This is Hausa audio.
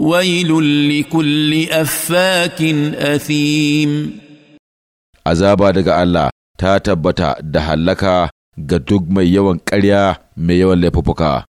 ويل لكل أفاك أثيم azaba daga Allah ta tabbata da hallaka ga duk mai yawan ƙarya mai yawan laifuka.